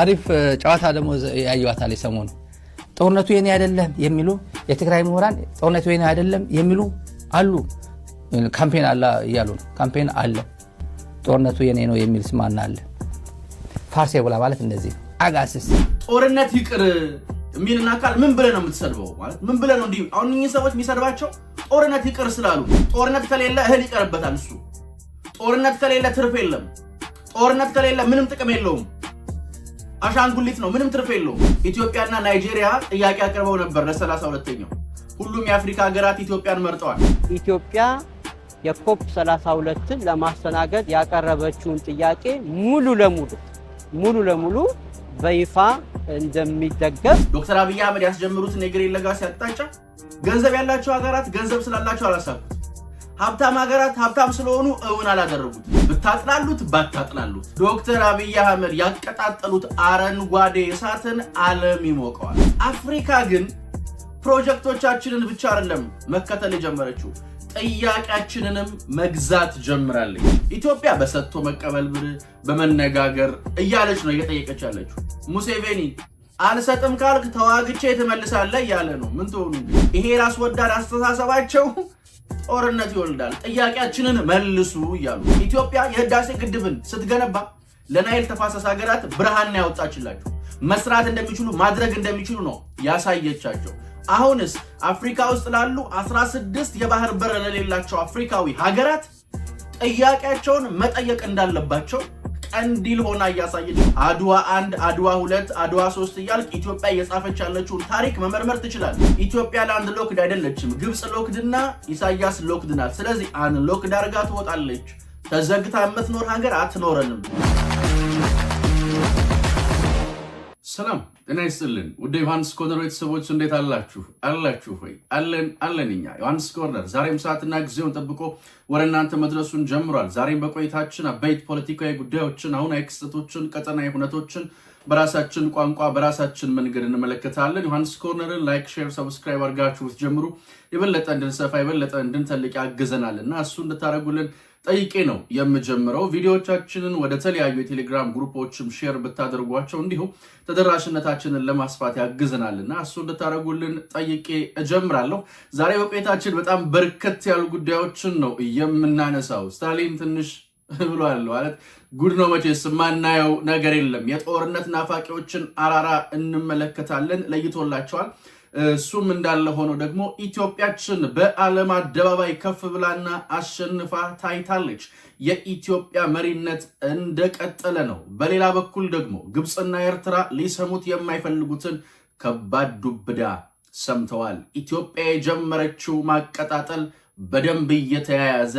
አሪፍ ጨዋታ ደግሞ ያየዋታል ሰሞኑ ጦርነቱ የኔ አይደለም የሚሉ የትግራይ ምሁራን ጦርነቱ የኔ አይደለም የሚሉ አሉ። ካምፔን አለ እያሉ ነው። ካምፔን አለ። ጦርነቱ የኔ ነው የሚል ስማና አለ። ፋርሴ ቦላ ማለት እንደዚህ አጋስስ ጦርነት ይቅር የሚልና አካል ምን ብለህ ነው የምትሰድበው? ማለት ምን ብለህ ነው እንዲህ አሁን እኚህ ሰዎች የሚሰድባቸው ጦርነት ይቅር ስላሉ። ጦርነት ከሌለ እህል ይቀርበታል እሱ። ጦርነት ከሌለ ትርፍ የለም። ጦርነት ከሌለ ምንም ጥቅም የለውም። አሻንጉሊት ነው፣ ምንም ትርፍ የለውም። ኢትዮጵያና ናይጄሪያ ጥያቄ አቅርበው ነበር ለሰላሳ ሁለተኛው ሁሉም የአፍሪካ ሀገራት ኢትዮጵያን መርጠዋል። ኢትዮጵያ የኮፕ 32ን ለማስተናገድ ያቀረበችውን ጥያቄ ሙሉ ለሙሉ ሙሉ ለሙሉ በይፋ እንደሚደገፍ ዶክተር አብይ አህመድ ያስጀምሩትን የግሪን ሌጋሲ አቅጣጫ ገንዘብ ያላቸው ሀገራት ገንዘብ ስላላቸው አላሳኩት፣ ሀብታም ሀገራት ሀብታም ስለሆኑ እውን አላደረጉት። ብታጥላሉት ባታጥላሉት ዶክተር አብይ አህመድ ያቀጣጠሉት አረንጓዴ እሳትን ዓለም ይሞቀዋል። አፍሪካ ግን ፕሮጀክቶቻችንን ብቻ አይደለም መከተል የጀመረችው ጥያቄያችንንም መግዛት ጀምራለች። ኢትዮጵያ በሰጥቶ መቀበል ብር በመነጋገር እያለች ነው እየጠየቀች ያለችው። ሙሴቬኒ አልሰጥም ካልክ ተዋግቼ ትመልሳለህ እያለ ነው። ምን ትሆኑ ይሄ ራስ ወዳድ አስተሳሰባቸው ጦርነት ይወልዳል። ጥያቄያችንን መልሱ እያሉ ኢትዮጵያ የህዳሴ ግድብን ስትገነባ ለናይል ተፋሰስ ሀገራት ብርሃን ያወጣችላቸው መስራት እንደሚችሉ ማድረግ እንደሚችሉ ነው ያሳየቻቸው። አሁንስ አፍሪካ ውስጥ ላሉ 16 የባህር በር ለሌላቸው አፍሪካዊ ሀገራት ጥያቄያቸውን መጠየቅ እንዳለባቸው ቀንዲል ሆና እያሳየች አድዋ አንድ፣ አድዋ ሁለት፣ አድዋ ሶስት እያልክ ኢትዮጵያ እየጻፈች ያለችውን ታሪክ መመርመር ትችላል ኢትዮጵያ ለአንድ ሎክድ አይደለችም። ግብፅ ሎክድና ኢሳያስ ሎክድ ናት። ስለዚህ አንድ ሎክድ አድርጋ ትወጣለች። ተዘግታ የምትኖር ሀገር አትኖረንም። ሰላም ጤና ይስጥልን ውድ ዮሐንስ ኮርነር ቤተሰቦች እንዴት አላችሁ? አላችሁ ሆይ አለን አለን። እኛ ዮሐንስ ኮርነር ዛሬም ሰዓትና ጊዜውን ጠብቆ ወደ እናንተ መድረሱን ጀምሯል። ዛሬም በቆይታችን አበይት ፖለቲካዊ ጉዳዮችን፣ አሁናዊ ክስተቶችን፣ ቀጠናዊ ሁነቶችን በራሳችን ቋንቋ በራሳችን መንገድ እንመለከታለን። ዮሐንስ ኮርነርን ላይክ፣ ሼር፣ ሰብስክራይብ አድርጋችሁ ብትጀምሩ የበለጠ እንድንሰፋ የበለጠ እንድንተልቅ ያግዘናል እና እሱ እንድታደርጉልን ጠይቄ ነው የምጀምረው። ቪዲዮዎቻችንን ወደ ተለያዩ የቴሌግራም ግሩፖችም ሼር ብታደርጓቸው እንዲሁም ተደራሽነታችንን ለማስፋት እና እሱ እንድታደርጉልን ጠይቄ እጀምራለሁ። ዛሬ በቆይታችን በጣም በርከት ያሉ ጉዳዮችን ነው የምናነሳው። ስታሊን ትንሽ ብሏል ማለት ጉድ ነው መቼስ የማናየው ነገር የለም። የጦርነት ናፋቂዎችን አራራ እንመለከታለን፣ ለይቶላቸዋል። እሱም እንዳለ ሆኖ ደግሞ ኢትዮጵያችን በዓለም አደባባይ ከፍ ብላና አሸንፋ ታይታለች። የኢትዮጵያ መሪነት እንደቀጠለ ነው። በሌላ በኩል ደግሞ ግብፅና ኤርትራ ሊሰሙት የማይፈልጉትን ከባድ ዱብዳ ሰምተዋል። ኢትዮጵያ የጀመረችው ማቀጣጠል በደንብ እየተያያዘ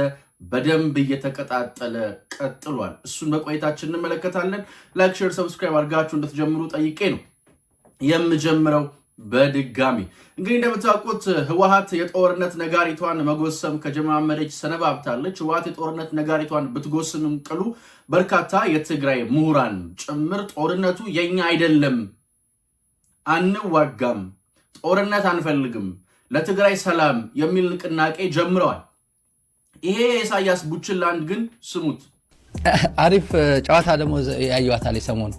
በደንብ እየተቀጣጠለ ቀጥሏል። እሱን በቆይታችን እንመለከታለን። ላይክ፣ ሼር፣ ሰብስክራይብ አድርጋችሁ እንድትጀምሩ ጠይቄ ነው የምጀምረው። በድጋሚ እንግዲህ እንደምታውቁት ህወሀት የጦርነት ነጋሪቷን መጎሰም ከጀማመረች ሰነባብታለች። ህወሀት የጦርነት ነጋሪቷን ብትጎስንም ቅሉ በርካታ የትግራይ ምሁራን ጭምር ጦርነቱ የኛ አይደለም፣ አንዋጋም፣ ጦርነት አንፈልግም፣ ለትግራይ ሰላም የሚል ንቅናቄ ጀምረዋል። ይሄ የኢሳያስ ቡችላንድ ግን ስሙት፣ አሪፍ ጨዋታ ደግሞ ያየዋታል ሰሞኑ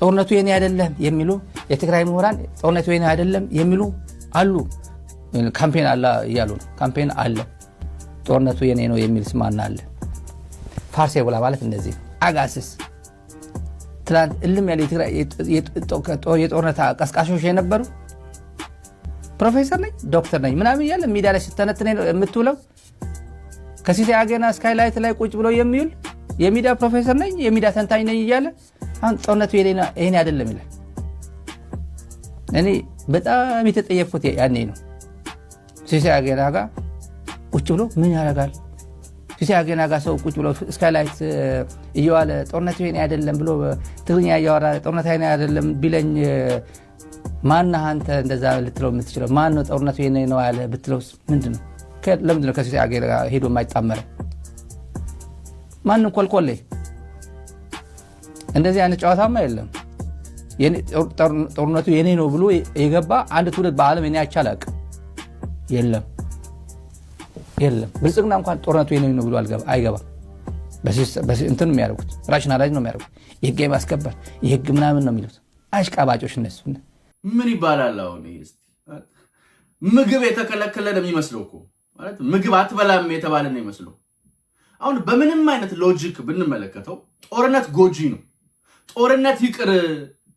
ጦርነቱ የኔ አይደለም የሚሉ የትግራይ ምሁራን ጦርነቱ የኔ አይደለም የሚሉ አሉ። ካምፔን አለ እያሉ ነው። ካምፔን አለ። ጦርነቱ የኔ ነው የሚል ስማና አለ። ፋርሴ ብላ ማለት እንደዚህ አጋስስ ትናንት እልም ያለ የጦርነት ቀስቃሾች የነበሩ ፕሮፌሰር ነኝ ዶክተር ነኝ ምናምን እያለ ሚዲያ ላይ ስተነትን የምትውለው ከሲቲ አገና ስካይላይት ላይ ቁጭ ብሎ የሚውል የሚዲያ ፕሮፌሰር ነኝ የሚዲያ ተንታኝ ነኝ እያለ አሁን ጦርነቱ ይሄን አይደለም ይላል። እኔ በጣም የተጠየፍኩት ያኔ ነው። ሲሳይ አገና ጋ ቁጭ ብሎ ምን ያደርጋል? ሲሳይ አገና ጋ ሰው ቁጭ ብሎ እስካላይት እየዋለ ጦርነቱ ይሄን አይደለም ብሎ ትግርኛ እያወራ ጦርነት ይ አይደለም ቢለኝ ማና አንተ እንደዛ ልትለው የምትችለው ነው? ጦርነቱ ነው ያለ ብትለው ምንድን ነው? ለምንድን ነው ከሲሳይ አገና ሄዶ የማይጣመረው? ማንም ኮልኮሌ እንደዚህ አይነት ጨዋታማ የለም። ጦርነቱ የኔ ነው ብሎ የገባ አንድ ትውልድ በዓለም የኔ አይቻላቅ የለም የለም። ብልጽግና እንኳን ጦርነቱ የኔ ነው ብሎ አይገባም። እንትን የሚያደርጉት ራሽናላይዝ ነው የሚያደርጉት። የህግ የማስከበር የህግ ምናምን ነው የሚሉት አሽቃባጮች እነሱ። ምን ይባላል አሁን ምግብ የተከለከለ ነው የሚመስለው እኮ ማለት ምግብ አትበላም የተባለ ነው ይመስለው። አሁን በምንም አይነት ሎጂክ ብንመለከተው ጦርነት ጎጂ ነው። ጦርነት ይቅር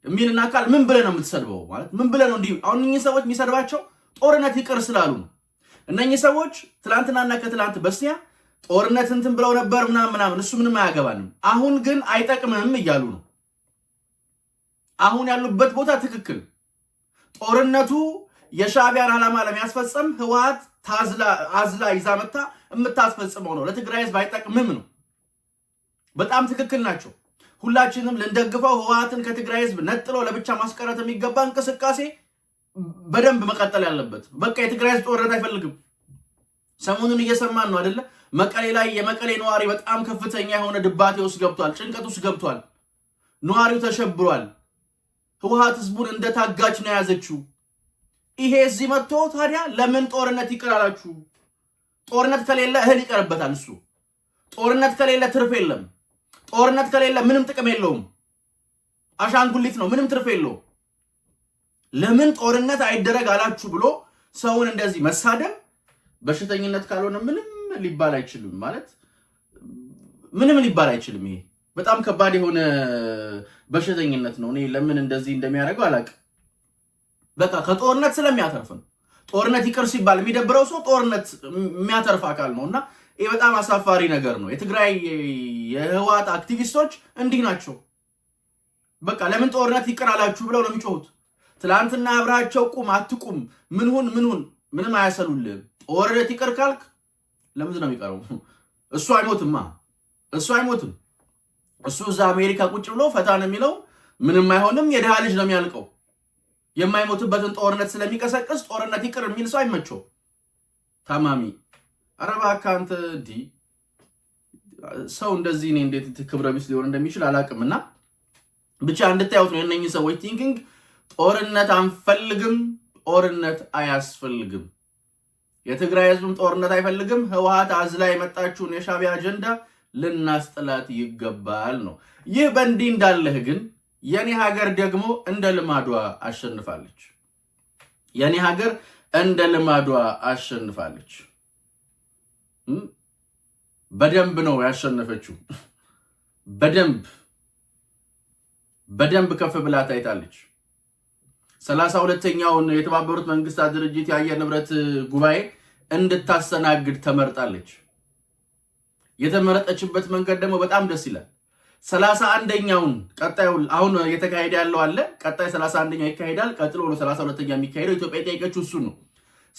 የሚልን አካል ምን ብለህ ነው የምትሰድበው? ማለት ምን ብለህ ነው እንዲህ? አሁን እኚህ ሰዎች የሚሰድባቸው ጦርነት ይቅር ስላሉ ነው። እነኚህ ሰዎች ትላንትናና ከትላንት በስቲያ ጦርነት እንትን ብለው ነበር ምናምን ምናምን፣ እሱ ምንም አያገባንም፣ አሁን ግን አይጠቅምም እያሉ ነው። አሁን ያሉበት ቦታ ትክክል። ጦርነቱ የሻቢያን ዓላማ ለሚያስፈጸም ህወሓት አዝላ ይዛ መታ የምታስፈጽመው ነው። ለትግራይ ህዝብ አይጠቅምም ነው። በጣም ትክክል ናቸው። ሁላችንም ልንደግፈው ህወሓትን ከትግራይ ህዝብ ነጥሎ ለብቻ ማስቀረት የሚገባ እንቅስቃሴ በደንብ መቀጠል ያለበት። በቃ የትግራይ ህዝብ ጦርነት አይፈልግም። ሰሞኑን እየሰማን ነው አደለ? መቀሌ ላይ የመቀሌ ነዋሪ በጣም ከፍተኛ የሆነ ድባቴ ውስጥ ገብቷል፣ ጭንቀት ውስጥ ገብቷል። ነዋሪው ተሸብሯል። ህወሓት ህዝቡን እንደ ታጋች ነው የያዘችው። ይሄ እዚህ መጥቶ ታዲያ ለምን ጦርነት ይቅር አላችሁ? ጦርነት ከሌለ እህል ይቀርበታል። እሱ ጦርነት ከሌለ ትርፍ የለም። ጦርነት ከሌለ ምንም ጥቅም የለውም። አሻንጉሊት ነው፣ ምንም ትርፍ የለውም። ለምን ጦርነት አይደረግ አላችሁ ብሎ ሰውን እንደዚህ መሳደብ በሽተኝነት ካልሆነ ምንም ሊባል አይችልም። ማለት ምንም ሊባል አይችልም። ይሄ በጣም ከባድ የሆነ በሽተኝነት ነው። እኔ ለምን እንደዚህ እንደሚያደርገው አላውቅም። በቃ ከጦርነት ስለሚያተርፍ ነው። ጦርነት ይቅር ሲባል የሚደብረው ሰው ጦርነት የሚያተርፍ አካል ነው እና ይህ በጣም አሳፋሪ ነገር ነው። የትግራይ የህወሓት አክቲቪስቶች እንዲህ ናቸው። በቃ ለምን ጦርነት ይቅር አላችሁ ብለው ነው የሚጮሁት። ትላንትና አብራቸው ቁም አትቁም ምንሁን ምንሁን ምንም አያሰሉልን ጦርነት ይቅር ካልክ ለምንድን ነው የሚቀረው? እሱ አይሞትማ፣ እሱ አይሞትም። እሱ እዛ አሜሪካ ቁጭ ብሎ ፈታ ነው የሚለው። ምንም አይሆንም። የድሃ ልጅ ነው የሚያልቀው። የማይሞትበትን ጦርነት ስለሚቀሰቅስ ጦርነት ይቅር የሚል ሰው አይመቸው ታማሚ ኧረ እባክህ አንተ ሰው እንደዚህ እኔ እንዴት ክብረ ቢስ ሊሆን እንደሚችል አላውቅም። እና ብቻ እንድታዩት ነው የእነኝህ ሰዎች ቲንኪንግ። ጦርነት አንፈልግም፣ ጦርነት አያስፈልግም፣ የትግራይ ህዝብም ጦርነት አይፈልግም። ህወሓት አዝላ የመጣችውን የሻቢያ አጀንዳ ልናስጥላት ይገባል ነው። ይህ በእንዲህ እንዳለህ ግን የኔ ሀገር ደግሞ እንደ ልማዷ አሸንፋለች። የኔ ሀገር እንደ ልማዷ አሸንፋለች። በደንብ ነው ያሸነፈችው። በደንብ በደንብ ከፍ ብላ ታይታለች። ሰላሳ ሁለተኛውን የተባበሩት መንግስታት ድርጅት የአየር ንብረት ጉባኤ እንድታስተናግድ ተመርጣለች። የተመረጠችበት መንገድ ደግሞ በጣም ደስ ይላል። ሰላሳ አንደኛውን ቀጣዩ አሁን እየተካሄደ ያለው አለ። ቀጣይ ሰላሳ አንደኛው ይካሄዳል። ቀጥሎ ነው ሰላሳ ሁለተኛ የሚካሄደው። ኢትዮጵያ የጠየቀችው እሱ ነው።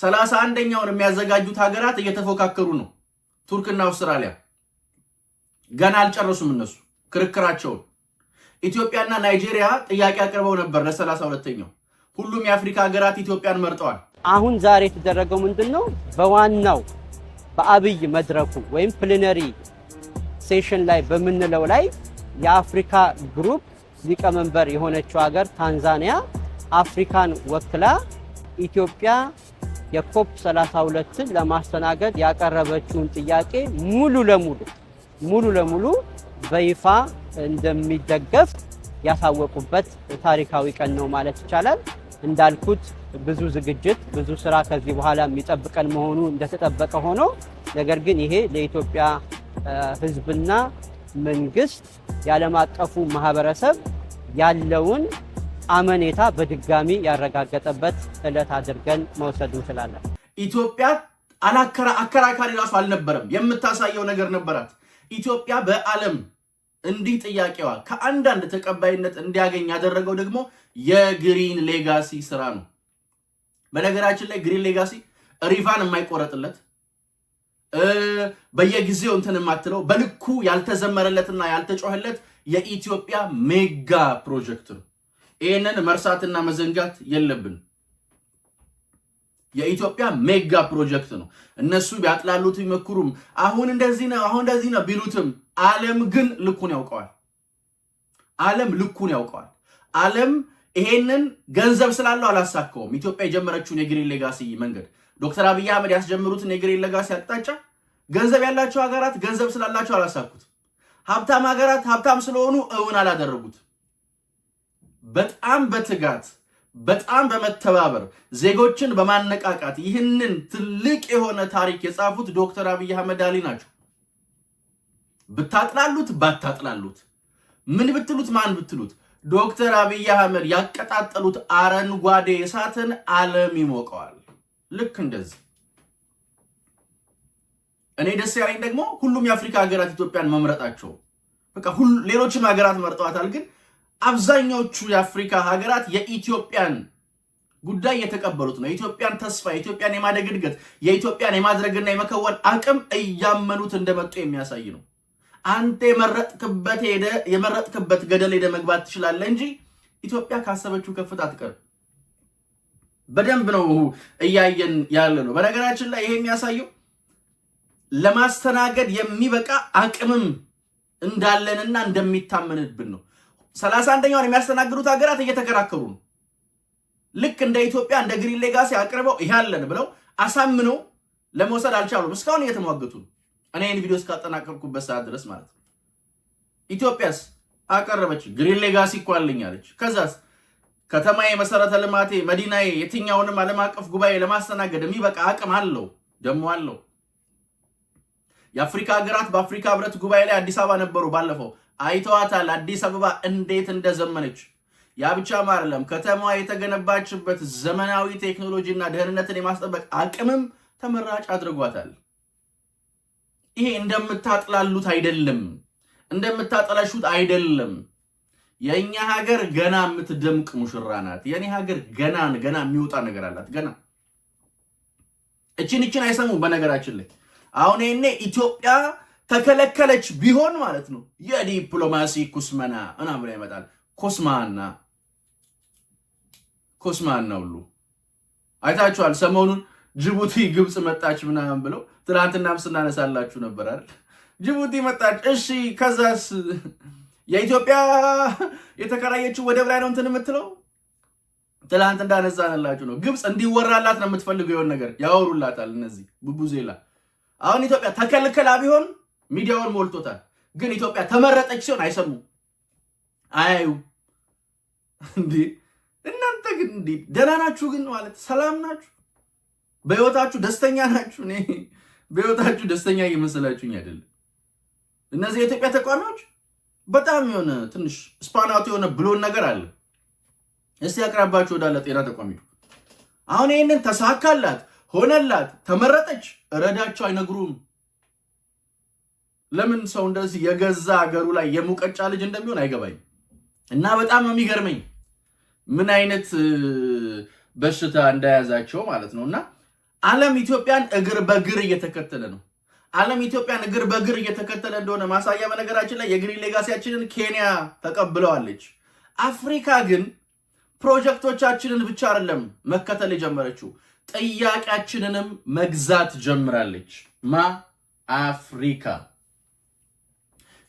ሰላሳ አንደኛውን የሚያዘጋጁት ሀገራት እየተፎካከሩ ነው። ቱርክና አውስትራሊያ ገና አልጨረሱም እነሱ ክርክራቸውን። ኢትዮጵያና ናይጄሪያ ጥያቄ አቅርበው ነበር ለሰላሳ ሁለተኛው ሁሉም የአፍሪካ ሀገራት ኢትዮጵያን መርጠዋል። አሁን ዛሬ የተደረገው ምንድን ነው? በዋናው በአብይ መድረኩ ወይም ፕሊነሪ ሴሽን ላይ በምንለው ላይ የአፍሪካ ግሩፕ ሊቀመንበር የሆነችው ሀገር ታንዛኒያ አፍሪካን ወክላ ኢትዮጵያ የኮፕ 32ን ለማስተናገድ ያቀረበችውን ጥያቄ ሙሉ ለሙሉ ሙሉ ለሙሉ በይፋ እንደሚደገፍ ያሳወቁበት ታሪካዊ ቀን ነው ማለት ይቻላል። እንዳልኩት ብዙ ዝግጅት፣ ብዙ ስራ ከዚህ በኋላ የሚጠብቀን መሆኑ እንደተጠበቀ ሆኖ ነገር ግን ይሄ ለኢትዮጵያ ሕዝብና መንግስት፣ የዓለም አቀፉ ማህበረሰብ ያለውን አመኔታ በድጋሚ ያረጋገጠበት ዕለት አድርገን መውሰድ እንችላለን። ኢትዮጵያ አከራካሪ ራሱ አልነበረም፣ የምታሳየው ነገር ነበራት። ኢትዮጵያ በዓለም እንዲህ ጥያቄዋ ከአንዳንድ ተቀባይነት እንዲያገኝ ያደረገው ደግሞ የግሪን ሌጋሲ ስራ ነው። በነገራችን ላይ ግሪን ሌጋሲ ሪቫን የማይቆረጥለት በየጊዜው እንትን የማትለው በልኩ ያልተዘመረለትና ያልተጮህለት የኢትዮጵያ ሜጋ ፕሮጀክት ነው። ይህንን መርሳትና መዘንጋት የለብን። የኢትዮጵያ ሜጋ ፕሮጀክት ነው። እነሱ ቢያጥላሉት ቢመክሩም፣ አሁን እንደዚህ ነው አሁን እንደዚህ ነው ቢሉትም ዓለም ግን ልኩን ያውቀዋል። ዓለም ልኩን ያውቀዋል። ዓለም ይሄንን ገንዘብ ስላለው አላሳካውም። ኢትዮጵያ የጀመረችውን የግሪን ሌጋሲ መንገድ ዶክተር አብይ አህመድ ያስጀምሩትን የግሪን ሌጋሲ አቅጣጫ ገንዘብ ያላቸው ሀገራት ገንዘብ ስላላቸው አላሳኩት። ሀብታም ሀገራት ሀብታም ስለሆኑ እውን አላደረጉት። በጣም በትጋት በጣም በመተባበር ዜጎችን በማነቃቃት ይህንን ትልቅ የሆነ ታሪክ የጻፉት ዶክተር አብይ አህመድ አሊ ናቸው። ብታጥላሉት ባታጥላሉት፣ ምን ብትሉት፣ ማን ብትሉት ዶክተር አብይ አህመድ ያቀጣጠሉት አረንጓዴ እሳትን ዓለም ይሞቀዋል። ልክ እንደዚህ እኔ ደስ ያለኝ ደግሞ ሁሉም የአፍሪካ ሀገራት ኢትዮጵያን መምረጣቸው በቃ ሌሎችም ሀገራት መርጠዋታል ግን አብዛኛዎቹ የአፍሪካ ሀገራት የኢትዮጵያን ጉዳይ የተቀበሉት ነው። የኢትዮጵያን ተስፋ፣ የኢትዮጵያን የማደግ እድገት፣ የኢትዮጵያን የማድረግና የመከወን አቅም እያመኑት እንደመጡ የሚያሳይ ነው። አንተ የመረጥክበት ሄደ የመረጥክበት ገደል ሄደ መግባት ትችላለህ እንጂ ኢትዮጵያ ካሰበችው ከፍታ አትቀር። በደንብ ነው እያየን ያለ ነው። በነገራችን ላይ ይሄ የሚያሳየው ለማስተናገድ የሚበቃ አቅምም እንዳለንና እንደሚታመንብን ነው። ሰላሳ አንደኛውን የሚያስተናግዱት ሀገራት እየተከራከሩ ነው። ልክ እንደ ኢትዮጵያ እንደ ግሪን ሌጋሲ አቅርበው ይሄያለን ብለው አሳምነው ለመውሰድ አልቻሉም። እስካሁን እየተሟገቱ ነው። እኔ ይህን ቪዲዮ እስካጠናቀርኩበት ሰዓት ድረስ ማለት ነው። ኢትዮጵያስ አቀረበች። ግሪን ሌጋሲ እኮ አለኝ አለች። ከዛስ ከተማዬ፣ መሰረተ ልማቴ፣ መዲናዬ የትኛውንም ዓለም አቀፍ ጉባኤ ለማስተናገድ የሚበቃ አቅም አለው ደሞ አለው። የአፍሪካ ሀገራት በአፍሪካ ህብረት ጉባኤ ላይ አዲስ አበባ ነበሩ ባለፈው አይተዋታል። አዲስ አበባ እንዴት እንደዘመነች። ያ ብቻም አይደለም፣ ከተማዋ የተገነባችበት ዘመናዊ ቴክኖሎጂና ደህንነትን የማስጠበቅ አቅምም ተመራጭ አድርጓታል። ይሄ እንደምታጥላሉት አይደለም፣ እንደምታጠላሹት አይደለም። የእኛ ሀገር ገና የምትደምቅ ሙሽራ ናት። የእኔ ሀገር ገና ገና የሚወጣ ነገር አላት። ገና እችን እችን አይሰሙም። በነገራችን ላይ አሁን ይሄኔ ኢትዮጵያ ተከለከለች ቢሆን ማለት ነው የዲፕሎማሲ ኩስመና ምናምን ይመጣል። ኮስማና ኮስማና ሁሉ አይታችኋል። ሰሞኑን ጅቡቲ ግብፅ መጣች ምናምን ብለው ትናንትናም ስናነሳላችሁ ነበር አይደል? ጅቡቲ መጣች። እሺ ከዛስ የኢትዮጵያ የተከራየችው ወደብ ላይ ነው እንትን የምትለው ትላንት እንዳነሳንላችሁ ነው። ግብፅ እንዲወራላት ነው የምትፈልገው። የሆን ነገር ያወሩላታል። እነዚህ ቡቡዜላ አሁን ኢትዮጵያ ተከልከላ ቢሆን ሚዲያውን ሞልቶታል። ግን ኢትዮጵያ ተመረጠች ሲሆን አይሰሙም፣ አያዩ እንዴ እናንተ ግን እንዴ ደህና ናችሁ? ግን ማለት ሰላም ናችሁ? በህይወታችሁ ደስተኛ ናችሁ? እኔ በህይወታችሁ ደስተኛ እየመሰላችሁኝ አይደለም። እነዚህ የኢትዮጵያ ተቋሚዎች በጣም የሆነ ትንሽ ስፓናቱ የሆነ ብሎን ነገር አለ። እስቲ አቅራባችሁ ወዳለ ጤና ተቋሚ አሁን ይህንን ተሳካላት፣ ሆነላት፣ ተመረጠች፣ እረዳቸው አይነግሩም። ለምን ሰው እንደዚህ የገዛ ሀገሩ ላይ የሙቀጫ ልጅ እንደሚሆን አይገባኝ እና በጣም ነው የሚገርመኝ ምን አይነት በሽታ እንደያዛቸው ማለት ነው። እና ዓለም ኢትዮጵያን እግር በእግር እየተከተለ ነው። ዓለም ኢትዮጵያን እግር በእግር እየተከተለ እንደሆነ ማሳያ በነገራችን ላይ የግሪን ሌጋሲያችንን ኬንያ ተቀብለዋለች። አፍሪካ ግን ፕሮጀክቶቻችንን ብቻ አይደለም መከተል የጀመረችው ጥያቄያችንንም መግዛት ጀምራለች። ማ አፍሪካ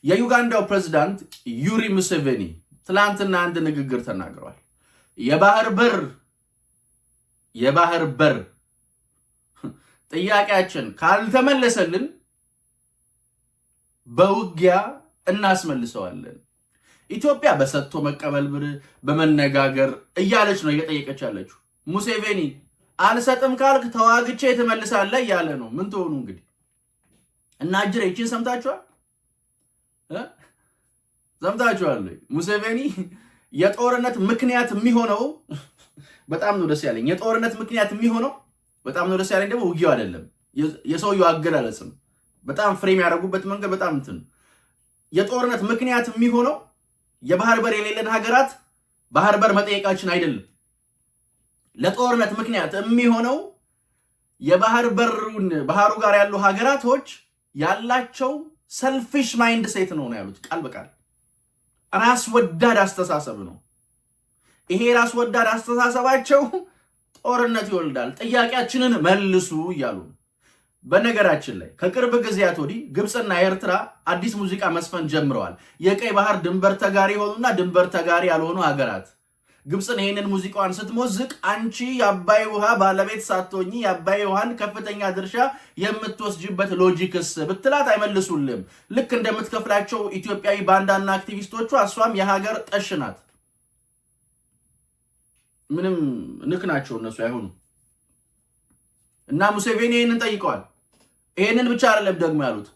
የዩጋንዳው ፕሬዚዳንት ዩሪ ሙሴቬኒ ትላንትና አንድ ንግግር ተናግረዋል። የባህር በር የባህር በር ጥያቄያችን ካልተመለሰልን በውጊያ እናስመልሰዋለን። ኢትዮጵያ በሰጥቶ መቀበል ብር በመነጋገር እያለች ነው እየጠየቀች ያለችው። ሙሴቬኒ አልሰጥም ካልክ ተዋግቼ ትመልሳለህ እያለ ነው። ምን ትሆኑ እንግዲህ እና እጅር ይችን ሰምታችኋል። ሰምታችኋል። ሙሴቬኒ የጦርነት ምክንያት የሚሆነው በጣም ነው ደስ ያለኝ። የጦርነት ምክንያት የሚሆነው በጣም ነው ደስ ያለኝ ደግሞ ውጊያው አይደለም፣ የሰውየው አገላለጽም በጣም ፍሬም ያደረጉበት መንገድ በጣም እንትን የጦርነት ምክንያት የሚሆነው የባህር በር የሌለን ሀገራት ባህር በር መጠየቃችን አይደለም። ለጦርነት ምክንያት የሚሆነው የባህር በሩን ባህሩ ጋር ያሉ ሀገራቶች ያላቸው ሰልፊሽ ማይንድ ሴት ነው ነው ያሉት ቃል በቃል ራስ ወዳድ አስተሳሰብ ነው። ይሄ ራስ ወዳድ አስተሳሰባቸው ጦርነት ይወልዳል። ጥያቄያችንን መልሱ እያሉ በነገራችን ላይ ከቅርብ ጊዜያት ወዲህ ግብፅና ኤርትራ አዲስ ሙዚቃ መስፈን ጀምረዋል። የቀይ ባህር ድንበር ተጋሪ የሆኑና ድንበር ተጋሪ ያልሆኑ ሀገራት ግብፅን ይህንን ሙዚቃዋን ስትሞዝቅ አንቺ የአባይ ውሃ ባለቤት ሳትሆኚ የአባይ ውሃን ከፍተኛ ድርሻ የምትወስጅበት ሎጂክስ ብትላት አይመልሱልም። ልክ እንደምትከፍላቸው ኢትዮጵያዊ ባንዳና አክቲቪስቶቿ እሷም የሀገር ጠሽ ናት። ምንም ንክ ናቸው እነሱ አይሆኑ እና ሙሴቬኒ ይህንን ጠይቀዋል። ይህንን ብቻ አይደለም ደግሞ ያሉት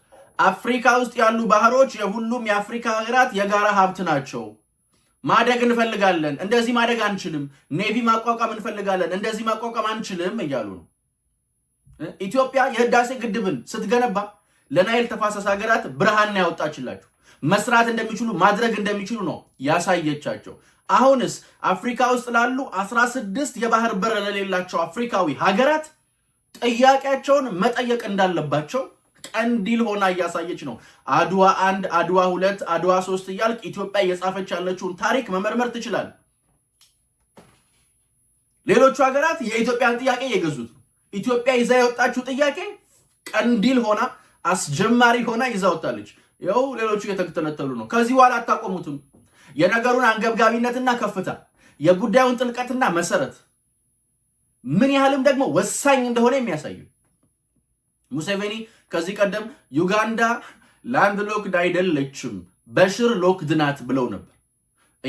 አፍሪካ ውስጥ ያሉ ባህሮች የሁሉም የአፍሪካ ሀገራት የጋራ ሀብት ናቸው ማደግ እንፈልጋለን፣ እንደዚህ ማደግ አንችልም፣ ኔቪ ማቋቋም እንፈልጋለን፣ እንደዚህ ማቋቋም አንችልም እያሉ ነው። ኢትዮጵያ የህዳሴ ግድብን ስትገነባ ለናይል ተፋሰስ ሀገራት ብርሃን ያወጣችላቸው መስራት እንደሚችሉ ማድረግ እንደሚችሉ ነው ያሳየቻቸው። አሁንስ አፍሪካ ውስጥ ላሉ 16 የባህር በር ለሌላቸው አፍሪካዊ ሀገራት ጥያቄያቸውን መጠየቅ እንዳለባቸው ቀንዲል ሆና እያሳየች ነው። አድዋ አንድ፣ አድዋ ሁለት፣ አድዋ ሶስት እያልቅ ኢትዮጵያ እየጻፈች ያለችውን ታሪክ መመርመር ትችላል። ሌሎቹ ሀገራት የኢትዮጵያን ጥያቄ እየገዙት ነው። ኢትዮጵያ ይዛ የወጣችው ጥያቄ ቀንዲል ሆና አስጀማሪ ሆና ይዛ ወጣለች። ይኸው ሌሎቹ እየተተነተሉ ነው። ከዚህ በኋላ አታቆሙትም። የነገሩን አንገብጋቢነትና ከፍታ፣ የጉዳዩን ጥልቀትና መሰረት ምን ያህልም ደግሞ ወሳኝ እንደሆነ የሚያሳዩ ሙሴቬኒ ከዚህ ቀደም ዩጋንዳ ላንድ ሎክድ አይደለችም በሽር ሎክድ ናት ብለው ነበር።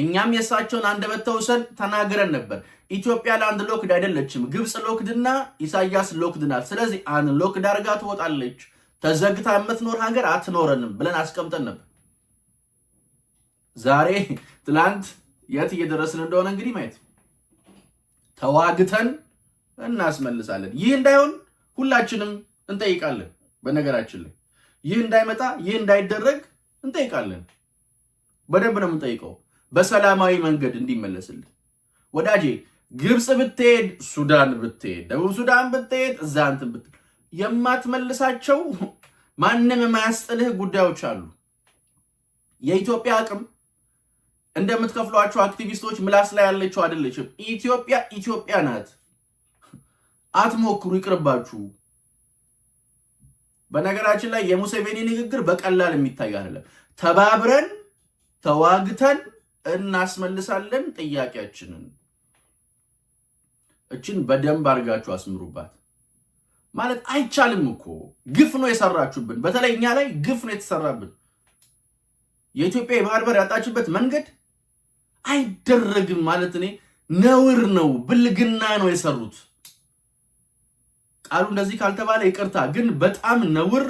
እኛም የእሳቸውን አንደበት ተውሰን ተናግረን ነበር። ኢትዮጵያ ላንድ ሎክድ አይደለችም፣ ግብፅ ሎክድና ኢሳያስ ሎክድ ናት። ስለዚህ አን ሎክድ አርጋ ትወጣለች፣ ተዘግታ የምትኖር ሀገር አትኖረንም ብለን አስቀምጠን ነበር። ዛሬ ትላንት የት እየደረስን እንደሆነ እንግዲህ ማየት ተዋግተን እናስመልሳለን። ይህ እንዳይሆን ሁላችንም እንጠይቃለን። በነገራችን ላይ ይህ እንዳይመጣ ይህ እንዳይደረግ እንጠይቃለን። በደንብ ነው የምንጠይቀው፣ በሰላማዊ መንገድ እንዲመለስልን። ወዳጄ ግብፅ ብትሄድ፣ ሱዳን ብትሄድ፣ ደቡብ ሱዳን ብትሄድ፣ እዛ እንትን ብትሄድ የማትመልሳቸው ማንም የማያስጥልህ ጉዳዮች አሉ። የኢትዮጵያ አቅም እንደምትከፍሏቸው አክቲቪስቶች ምላስ ላይ ያለችው አይደለችም። ኢትዮጵያ ኢትዮጵያ ናት። አትሞክሩ፣ ይቅርባችሁ። በነገራችን ላይ የሙሴቬኒ ንግግር በቀላል የሚታይ አይደለም። ተባብረን ተዋግተን እናስመልሳለን ጥያቄያችንን። እችን በደንብ አድርጋችሁ አስምሩባት። ማለት አይቻልም እኮ ግፍ ነው የሰራችሁብን። በተለይ እኛ ላይ ግፍ ነው የተሰራብን። የኢትዮጵያ የባህር በር ያጣችበት መንገድ አይደረግም ማለት እኔ ነውር ነው፣ ብልግና ነው የሰሩት። ቃሉ እንደዚህ ካልተባለ ይቅርታ። ግን በጣም ነውር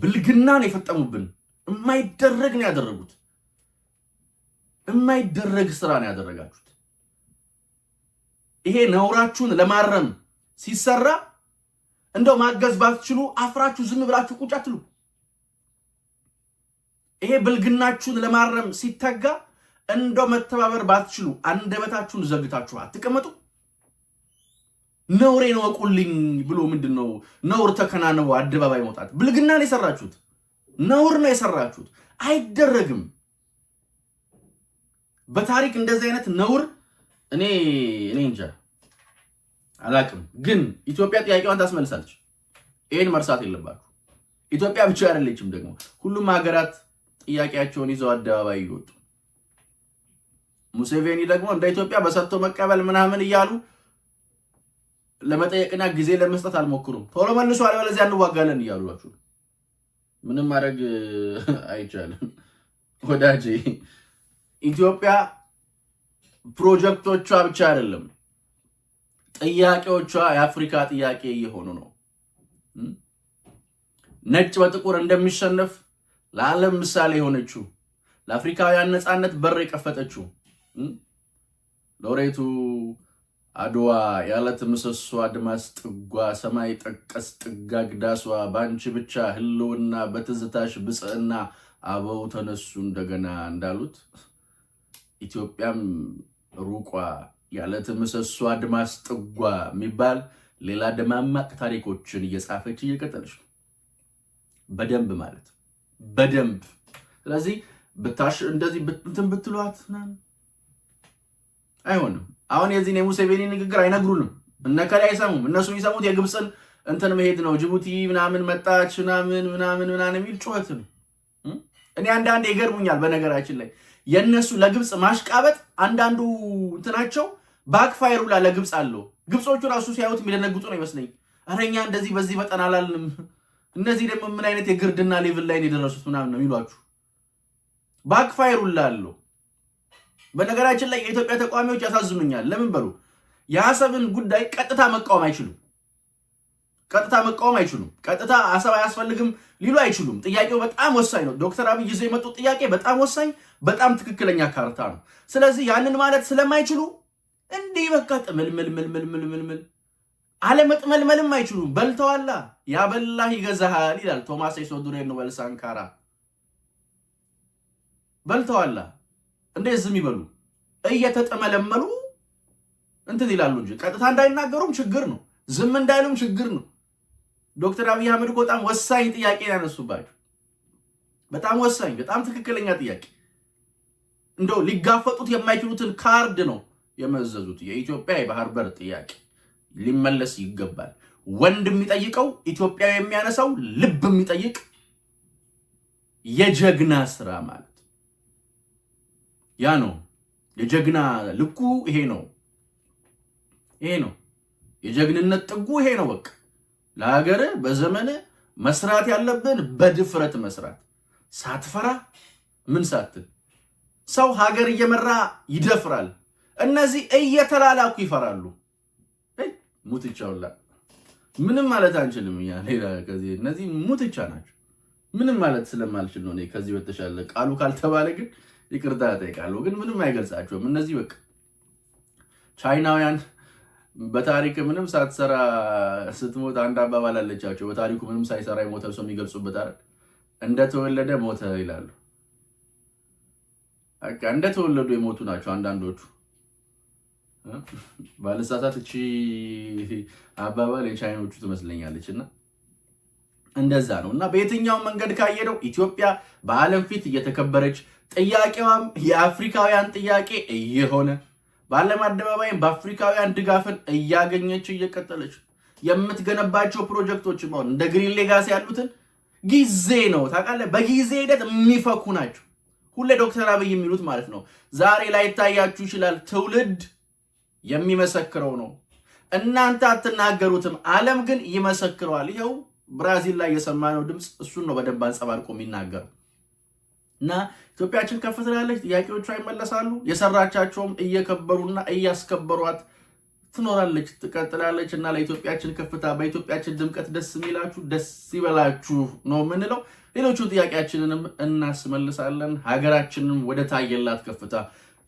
ብልግናን የፈጠሙብን የማይደረግ ነው ያደረጉት። የማይደረግ ስራ ነው ያደረጋችሁት። ይሄ ነውራችሁን ለማረም ሲሰራ እንደው ማገዝ ባትችሉ አፍራችሁ ዝም ብላችሁ ቁጭ አትሉ። ይሄ ብልግናችሁን ለማረም ሲተጋ እንደው መተባበር ባትችሉ አንደበታችሁን ዘግታችሁ አትቀመጡ። ነውሬን ወቁልኝ ብሎ ምንድን ነው ነውር ተከናንቦ አደባባይ መውጣት ብልግና ነው የሰራችሁት። ነውር ነው የሰራችሁት። አይደረግም። በታሪክ እንደዚህ አይነት ነውር እኔ እኔ እንጃ አላቅም። ግን ኢትዮጵያ ጥያቄዋን ታስመልሳለች። ይህን መርሳት የለባችሁ። ኢትዮጵያ ብቻ አይደለችም ደግሞ ሁሉም ሀገራት ጥያቄያቸውን ይዘው አደባባይ ይወጡ። ሙሴቬኒ ደግሞ እንደ ኢትዮጵያ በሰጥቶ መቀበል ምናምን እያሉ ለመጠየቅና ጊዜ ለመስጠት አልሞክሩም። ቶሎ መልሶ አለበለዚያ እንዋጋለን እያሏችሁ ምንም ማድረግ አይቻልም ወዳጄ። ኢትዮጵያ ፕሮጀክቶቿ ብቻ አይደለም ጥያቄዎቿ የአፍሪካ ጥያቄ እየሆኑ ነው። ነጭ በጥቁር እንደሚሸነፍ ለዓለም ምሳሌ የሆነችው ለአፍሪካውያን ነፃነት በር የከፈተችው ሎሬቱ አድዋ ያለት ምሰሶ አድማስ ጥጓ ሰማይ ጠቀስ ጥጋግ ዳሷ በአንቺ ብቻ ህልውና በትዝታሽ ብፅዕና አበው ተነሱ እንደገና እንዳሉት ኢትዮጵያም ሩቋ ያለት ምሰሶ አድማስ ጥጓ የሚባል ሌላ ደማማቅ ታሪኮችን እየጻፈች እየቀጠለች ነው። በደንብ ማለት በደንብ ስለዚህ ብታሽ እንደዚህ እንትን ብትሏት አይሆንም። አሁን የዚህን የሙሴቬኒ ንግግር አይነግሩንም። እነከላ አይሰሙም። እነሱ የሚሰሙት የግብፅን እንትን መሄድ ነው። ጅቡቲ ምናምን መጣች ምናምን ምናምን ምናምን የሚል ጩኸት ነው። እኔ አንዳንዴ ይገርሙኛል። በነገራችን ላይ የእነሱ ለግብፅ ማሽቃበጥ አንዳንዱ እንትናቸው ባክፋይር ውላ ለግብፅ አለው። ግብፆቹ ራሱ ሲያዩት የሚደነግጡ ነው ይመስለኝ። ኧረ እኛ እንደዚህ በዚህ መጠን አላልንም፣ እነዚህ ደግሞ ምን አይነት የግርድና ሌቭል ላይ ነው የደረሱት ምናምን ነው የሚሏችሁ። ባክፋይር ውላ አለው። በነገራችን ላይ የኢትዮጵያ ተቃዋሚዎች ያሳዝኑኛል። ለምን በሉ የአሰብን ጉዳይ ቀጥታ መቃወም አይችሉም። ቀጥታ መቃወም አይችሉም። ቀጥታ አሰብ አያስፈልግም ሊሉ አይችሉም። ጥያቄው በጣም ወሳኝ ነው። ዶክተር አብይ ይዘው የመጡት ጥያቄ በጣም ወሳኝ፣ በጣም ትክክለኛ ካርታ ነው። ስለዚህ ያንን ማለት ስለማይችሉ እንዲህ በቃ ጥምልምልምልምልምልምል አለመጥመልመልም አይችሉም። በልተዋላ ያበላህ ይገዛሃል ይላል ቶማስ ኤሶዱሬ ኖበል ሳንካራ በልተዋላ እንዴት ዝም ይበሉ? እየተጠመለመሉ እንትን ይላሉ እንጂ ቀጥታ እንዳይናገሩም ችግር ነው። ዝም እንዳይሉም ችግር ነው። ዶክተር አብይ አህመድ እኮ በጣም ወሳኝ ጥያቄ ያነሱባቸው፣ በጣም ወሳኝ፣ በጣም ትክክለኛ ጥያቄ እንደው ሊጋፈጡት የማይችሉትን ካርድ ነው የመዘዙት። የኢትዮጵያ የባህር በር ጥያቄ ሊመለስ ይገባል። ወንድ የሚጠይቀው ኢትዮጵያ የሚያነሳው ልብ የሚጠይቅ የጀግና ስራ ማለት ያ ነው የጀግና ልኩ ይሄ ነው ይሄ ነው የጀግንነት ጥጉ ይሄ ነው። በቃ ለሀገር በዘመን መስራት ያለብን በድፍረት መስራት ሳትፈራ ምን ሳትል ሰው ሀገር እየመራ ይደፍራል። እነዚህ እየተላላኩ ይፈራሉ። ሙትቻውላ ምንም ማለት አንችልም። እኛ ሌላ ከዚህ እነዚህ ሙትቻ ናቸው። ምንም ማለት ስለማልችል ነው ከዚህ በተሻለ ቃሉ ካልተባለ ግን ይቅርታ እጠይቃለሁ። ግን ምንም አይገልጻቸውም። እነዚህ በቃ ቻይናውያን በታሪክ ምንም ሳትሰራ ስትሞት አንድ አባባል አለቻቸው። በታሪኩ ምንም ሳይሰራ የሞተ ሰው የሚገልጹበት አይደል? እንደተወለደ ሞተ ይላሉ። በቃ እንደተወለዱ የሞቱ ናቸው አንዳንዶቹ። ባለሳሳት እቺ አባባል የቻይኖቹ ትመስለኛለች። እና እንደዛ ነው እና በየትኛው መንገድ ካየነው ኢትዮጵያ በዓለም ፊት እየተከበረች ጥያቄዋም የአፍሪካውያን ጥያቄ እየሆነ በዓለም አደባባይም በአፍሪካውያን ድጋፍን እያገኘች እየቀጠለች የምትገነባቸው ፕሮጀክቶች አሁን እንደ ግሪን ሌጋሲ ያሉትን ጊዜ ነው ታውቃለህ፣ በጊዜ ሂደት የሚፈኩ ናቸው። ሁሌ ዶክተር አብይ የሚሉት ማለት ነው። ዛሬ ላይታያችሁ ይችላል፣ ትውልድ የሚመሰክረው ነው። እናንተ አትናገሩትም፣ ዓለም ግን ይመሰክረዋል። ይኸው ብራዚል ላይ የሰማነው ድምፅ እሱን ነው በደንብ አንጸባርቆ የሚናገረው። እና ኢትዮጵያችን ከፍ ትላለች፣ ጥያቄዎቿ ይመለሳሉ፣ የሰራቻቸውም እየከበሩና እያስከበሯት ትኖራለች፣ ትቀጥላለች። እና ለኢትዮጵያችን ከፍታ በኢትዮጵያችን ድምቀት ደስ የሚላችሁ ደስ ይበላችሁ ነው የምንለው። ሌሎቹ ጥያቄያችንንም እናስመልሳለን። ሀገራችንም ወደ ታየላት ከፍታ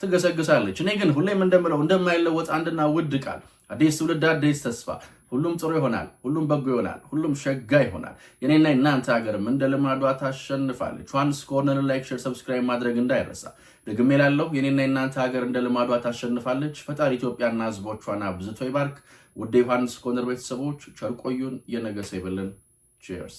ትገሰግሳለች። እኔ ግን ሁሌም እንደምለው እንደማይለወጥ አንድና ውድ ቃል አዲስ ትውልድ አዲስ ተስፋ ሁሉም ጥሩ ይሆናል። ሁሉም በጎ ይሆናል። ሁሉም ሸጋ ይሆናል። የኔና እናንተ ሀገርም እንደ ልማዷ ታሸንፋለች። ዮሐንስ ኮርነር ላይክ፣ ሼር፣ ሰብስክራይብ ማድረግ እንዳይረሳ። ደግሜ ላለው የኔና እናንተ ሀገር እንደ ልማዷ ታሸንፋለች። ፈጣሪ ኢትዮጵያና ህዝቦቿና አብዝቶ ይባርክ። ወደ ዮሐንስ ኮርነር ቤተሰቦች ቸርቆዩን የነገሰ ይበልን። ቺርስ